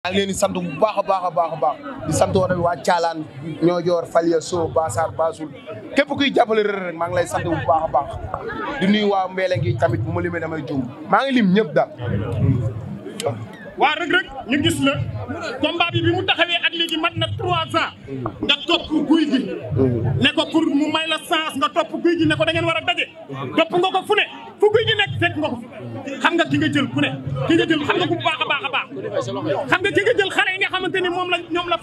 maa ngi leen di sant bu baax a baax a baax a baax di sant woon waa Caalaan Ñoojoor Falia Sow Basaar Basul képp kuy jàppale Reug rek maa ngi lay sant bu baax a baax di nuyu waa Mbele ngi tamit bu ma limee damay juum maa ngi lim ñëpp daal. waa Reug Reug ñu gis la combat bi bi mu taxawee ak léegi mat na trois ans nga topp guy gi ne ko pour mu may la chance nga topp guy gi ne ko war a daje topp nga ko fu guy gi nekk fekk nga xam nga ki nga jël ku ne nga jël xam nga xam nga ci nga jël xale yi xamante ni moom la ñoom la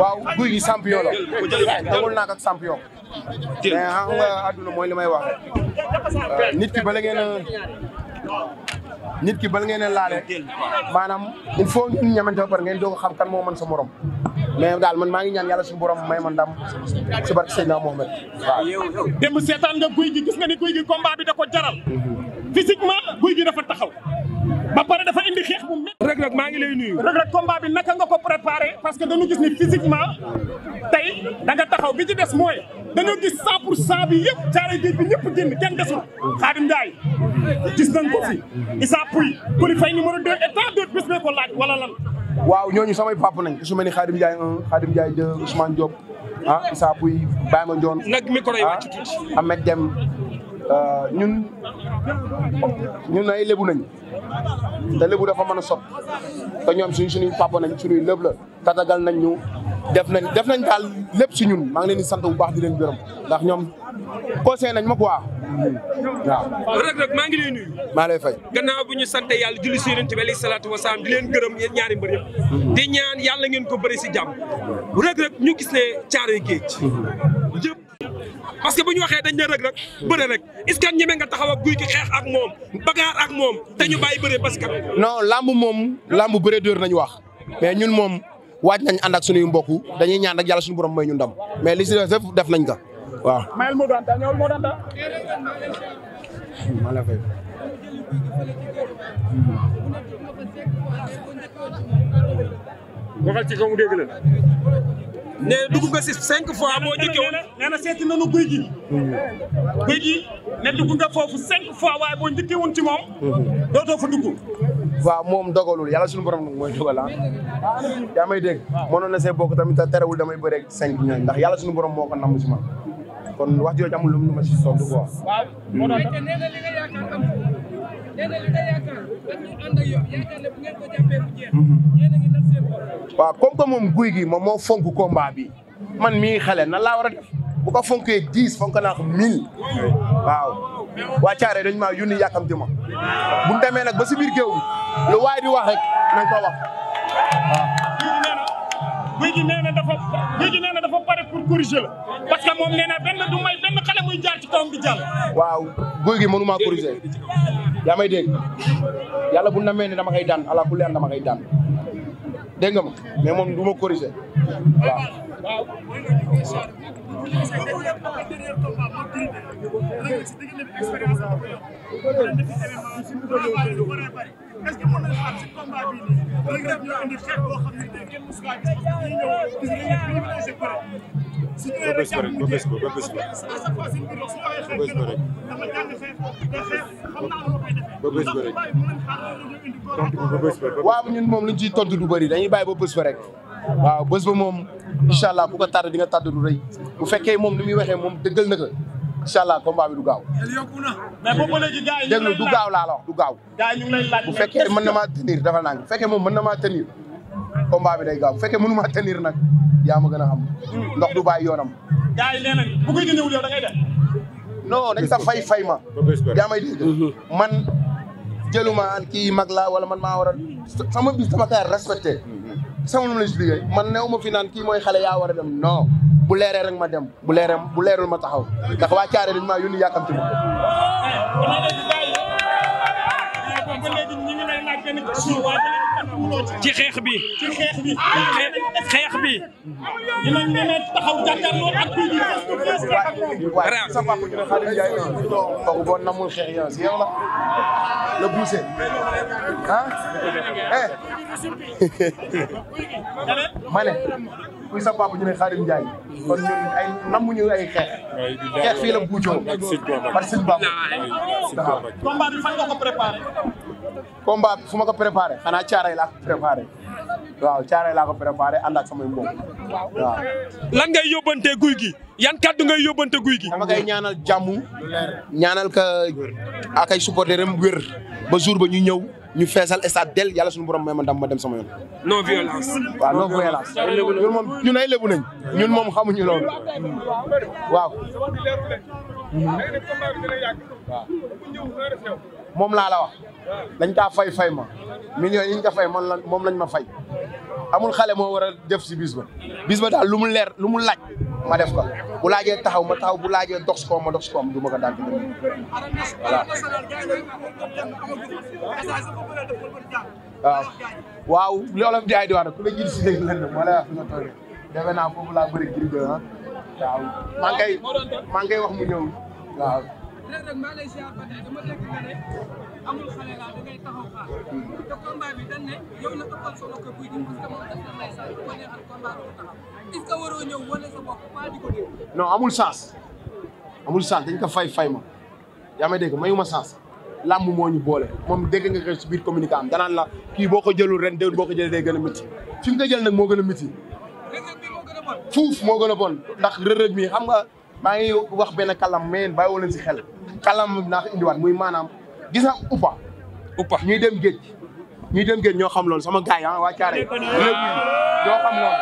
waaw guy gi champion la. nangul naa ko ak champion. mais xam nga mooy li may wax rek. Euh, nit ki bala ngeen a nit ki bala ngeen a laale maanam il faut ñu ñamante ba pare ngeen doog xam kan moo mën sa morom. mais daal man maa ngi ñaan yàlla si borom may ma ndam si barke Seydina Mohamed waaw. démb seetaan nga guy gi gis nga ni guy gi combat bi da ko jaral. Mhm. physiquement guy gi dafa taxaw. ngi lay nuyu. bi naka nga ko préparé parce que dañu gis ni physiquement tey da taxaw bi ci des mooy dañoo gis 100 pour 100 bi yëpp jaaree géej bi ñëpp génn kenn desul. Khadim Ndiaye gis nañ ko fi Issa Pouye Coly Faye numéro 2 et tant d'autres bés bee ko laaj wala lan. waaw ñooñu samay papa nañ su ma nee Khadim Ndiaye 1 Khadim Ndiaye 2 Ousmane Diop ah Issa Euh, ñun ñun ay lébu nañ te lébu dafa mën a sopp te ñoom suñ suñuy papa nañ suñuy lëb la tatagal nañ ñu def nañ def nañ daal lépp si ñun maa ngi leen di sant bu baax di leen gërëm ndax ñoom conseil nañ ma quoi. waaw Reug Reug maa ngi lay nuyu maa lay fay gannaaw bu ñu sant yàlla julli si yonent bi alayhi salaatu wa di leen gërëm yéen ñaari mbër mhm. di ñaan yàlla ngeen ko bëri si jàmm Reug Reug ñu gis ne caaroy géej mhm. parce que bu ñu waxee dañ ne rek rek bëre rek est-ce que ñeme nga taxaw ak guy gi ak moom bagaar ak moom te ñu bàyyi bëre parce que. non lamb moom lamb bëre dóor nañu wax mais ñun moom waaj nañ ànd ak suñuy mbokk dañuy ñaan ak yàlla suñu borom may ñu ndam mais li def def nañ ko waaw. mayel moo daan nee na dugg nga si cinq fois boo njëkkee woon. na seeti nanu guy gi. ne dugg nga foofu cinq fois waaye boo njëkkee woon ci moom. dootoo fa dugg. waaw moom dogalul yàlla suñu borom nag mooy dogal ah. yaa may dégg. mënoon na see bokk tamit terewul damay bëre cinq ñoom ndax yàlla suñu borom moo ko namm si man kon wax jooju amul lu mu ma si soog quoi. waaw Mhm. waaw comme moom guy gi moom moo fonk combat bi man mii xale na laa war a def bu ko fonkee dix fonk naa ko mille waaw waa Thiaré dañ maa yónni yàkkamti ma bu ñu demee nag ba si biir géew bi lu waay di wax rek nañ ko wax waaw. guy gi dafa guy gi nee na dafa pare pour corriger na du may benn xale muy jaar ci kawam di jàll. waaw guy gi mënu maa corriger. yaa may dégg yàlla bu namee dama koy daan ala kulli dama koy daan dégg ma mais moom du ma ba bés ba rek ba bés ba ba ba rek. ba bés ba rek tontu ba bés ba. waaw ñun moom luñ ciy tontu du bëri dañuy bàyyi ba bés ba rek waaw bés ba moom incha allah ku ko tardé di nga tardé du rëy bu fekkee moom ni muy waxee moom dëggal na ko incha allah combat bi du gaaw. mais boobu léegi gars du gaaw laa la wax du gaaw. gars yi ñu bu fekkee mën na maa tenir dafa nang bu fekkee moom mën na maa tenir combat bi day gaaw bu fekkee mënu maa tenir nag yaa ma gën a xam. ndox du bàyyi yoonam. gars non dañ sax fay fay ma. yaa may dégg mhm. man jëluma kii mag laa wala man ma war a sama bis mhm. sama kaar respecté. sama lu la expliqué man new ma fi naan kii mooy xale yaa war a dem no bu leeree rek ma dem bu leeree bu leerul ma taxaw ndax waa Caare dañ maa yónni yàkkamti ma. ci xeex bi. ci xeex bi xeex bi. dinañ demee taxaw jàkkaarloo ak kii bi. waaw sa papa ñu ne Khadim Ndiaye noonu. kooku boo namul xeex yow si yow la. la poussé ah. ma ne kuy sa papa ñu ne Khadim Ndiaye. kon ñun ay namuñu ay xeex. xeex fii la buujoo. ak Siteu Baba. ak Siteu Baba. combat bi fan nga ko préparé. combat bi fu ma ko préparé xanaa caaray laa ko préparé waaw caaray laa ko préparé ànd ak samay mbokk waaw. lan nga yóbbante guy gi yan kàddu ngay yóbbante guy gi. dama koy ñaanal jàmm ñaanal ka ak ay supporter am wér ba jour ba ñu ñëw ñu feesal stade del yàlla suñu borom may ma ndam ma dem sama yoon. non violence. waaw non violence. ñun moom ñun ay lébu nañ ñun moom xamuñu loolu waaw. waaw. moom laa la wax dañ kaa fay fay ma yi fay man moom lañ ma fay amul xale moo war a def si bis ba bis ba daal lu mu leer lu mu laaj ma def ko bu laajee taxaw ma taxaw bu laajee dox ko ma dox ko am du ma ko daan voilà waaw waaw li olof jaay di wax ku la jël si léegi lan ma lay wax nga toogee defe naa foofu laa bëri giri ah. waaw maa ngi koy maa wax mu ñëw waaw rek rek maa dañ ko non amul sens amul sens dañ ko fay fay ma yaa may dégg mayuma sens làmb moo ñu boole moom dégg nga ko si biir communiqué am danaan la kii boo ko jëlul ren boo ko jëlee day gën a métti fi mu jël nag moo gën a métti fuuf moo gën a bon ndax rërëb mi xam nga maa ngi wax benn kalam mais bàyyi woo si xel kalam bi naa ko indiwaat muy maanaam gis na uppa ñuy dem géej ñuy dem géej ñoo xam lool sama gars yi ah waa Thiaré ñoo xam loolu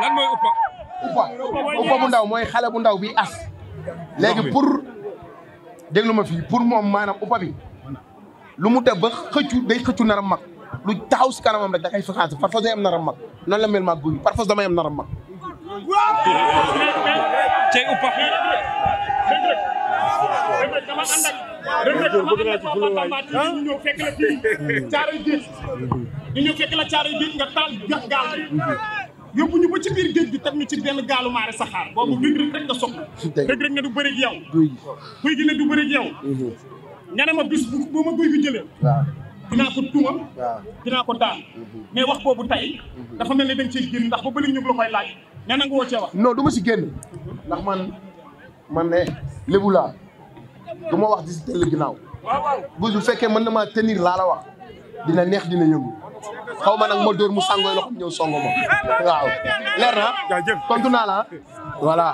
lan mooy uppa uppa uppa bu ndaw mooy xale bu ndaw bi as léegi pour déglu ma fii pour moom maanaam uppa bi lu mu def ba xëccu day xëccu nar a mag lu taxaw si kanamam rek da kay fekkaat parfois day am nar a mag noonu la mel maa guy parfois damay am nar a mag cey uppa dama ànd ak rek dama ànd ak waa Bantamba ñu ñëw fekk la fii caaray géej ñu ñëw fekk la caaray géej nga taal gax gaal bi yóbbu ñu ba ci biir géej gi teg ñu ci benn gaalu maare saxaar boobu dëgg rek rek nga soxla dëgg rek ne du bëri yow guy gi ne du bëri yow ñane ma bis bu ma guy gi jëlee dinaa ko tuuma dinaa ko daan mhm. mais wax boobu tey mhm. dafa mel ni dañ ciy génn ndax ba bëri ñu la koy laaj ne na nga woo ca wax. du ma si génn ndax man man ne lébu laa du ma wax di si tëll ginnaaw. waaw waaw bu fekkee mën na ma tenir laa la wax dina neex dina yëngu xaw ma nag ma dóor mu sàngooy loxo ñëw songo ma ah, waaw leer na tontu naa la ah. voilà.